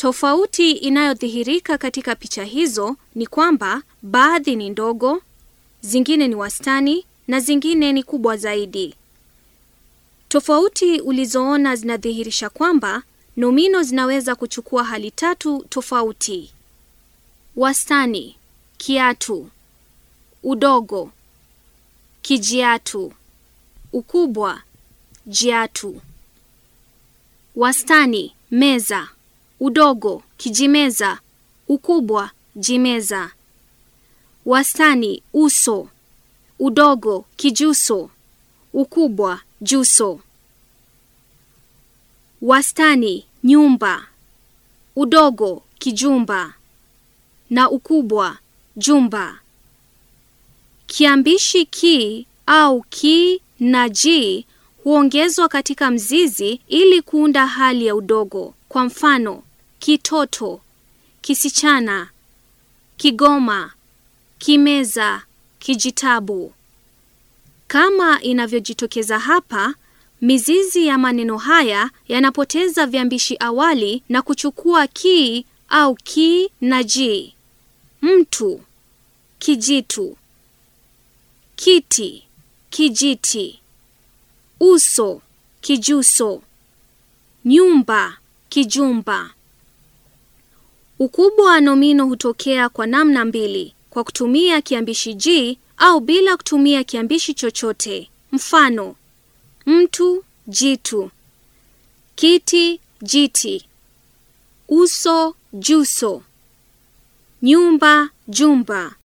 Tofauti inayodhihirika katika picha hizo ni kwamba baadhi ni ndogo, zingine ni wastani na zingine ni kubwa zaidi. Tofauti ulizoona zinadhihirisha kwamba nomino zinaweza kuchukua hali tatu tofauti: wastani, kiatu, udogo, kijiatu, ukubwa, jiatu. Wastani, meza udogo kijimeza, ukubwa jimeza, wastani uso, udogo kijuso, ukubwa juso, wastani nyumba, udogo kijumba na ukubwa jumba. Kiambishi ki au ki na ji huongezwa katika mzizi ili kuunda hali ya udogo. Kwa mfano, kitoto, kisichana, kigoma, kimeza, kijitabu. Kama inavyojitokeza hapa, mizizi ya maneno haya yanapoteza viambishi awali na kuchukua ki au ki na ji. Mtu, kijitu, kiti, kijiti, uso, kijuso, nyumba, kijumba. Ukubwa wa nomino hutokea kwa namna mbili, kwa kutumia kiambishi ji au bila kutumia kiambishi chochote. Mfano: mtu jitu, kiti jiti, uso juso, nyumba jumba.